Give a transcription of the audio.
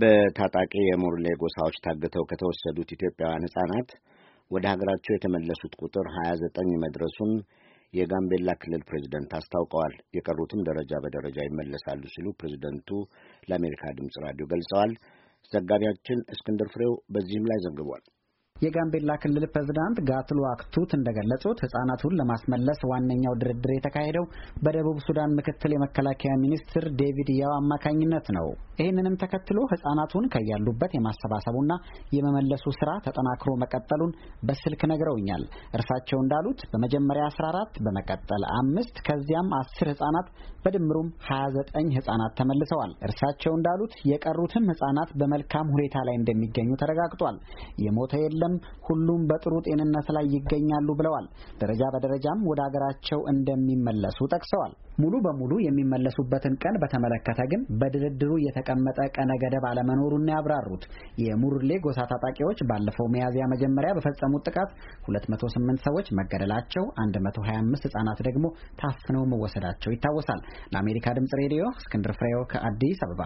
በታጣቂ የሞርሌ ጎሳዎች ታግተው ከተወሰዱት ኢትዮጵያውያን ሕፃናት ወደ ሀገራቸው የተመለሱት ቁጥር 29 መድረሱን የጋምቤላ ክልል ፕሬዚደንት አስታውቀዋል። የቀሩትም ደረጃ በደረጃ ይመለሳሉ ሲሉ ፕሬዚደንቱ ለአሜሪካ ድምፅ ራዲዮ ገልጸዋል። ዘጋቢያችን እስክንድር ፍሬው በዚህም ላይ ዘግቧል። የጋምቤላ ክልል ፕሬዝዳንት ጋትሎ አክቱት እንደገለጹት ህጻናቱን ለማስመለስ ዋነኛው ድርድር የተካሄደው በደቡብ ሱዳን ምክትል የመከላከያ ሚኒስትር ዴቪድ ያው አማካኝነት ነው። ይህንንም ተከትሎ ህጻናቱን ከያሉበት የማሰባሰቡና የመመለሱ ስራ ተጠናክሮ መቀጠሉን በስልክ ነግረውኛል። እርሳቸው እንዳሉት በመጀመሪያ 14 በመቀጠል አምስት ከዚያም አስር ህጻናት በድምሩም 29 ህጻናት ተመልሰዋል። እርሳቸው እንዳሉት የቀሩትም ህጻናት በመልካም ሁኔታ ላይ እንደሚገኙ ተረጋግጧል። የሞተ የለም የለም፣ ሁሉም በጥሩ ጤንነት ላይ ይገኛሉ ብለዋል። ደረጃ በደረጃም ወደ አገራቸው እንደሚመለሱ ጠቅሰዋል። ሙሉ በሙሉ የሚመለሱበትን ቀን በተመለከተ ግን በድርድሩ የተቀመጠ ቀነ ገደብ አለመኖሩን ያብራሩት የሙርሌ ጎሳ ታጣቂዎች ባለፈው መያዝያ መጀመሪያ በፈጸሙት ጥቃት 208 ሰዎች መገደላቸው፣ 125 ህጻናት ደግሞ ታፍነው መወሰዳቸው ይታወሳል። ለአሜሪካ ድምጽ ሬዲዮ እስክንድር ፍሬው ከአዲስ አበባ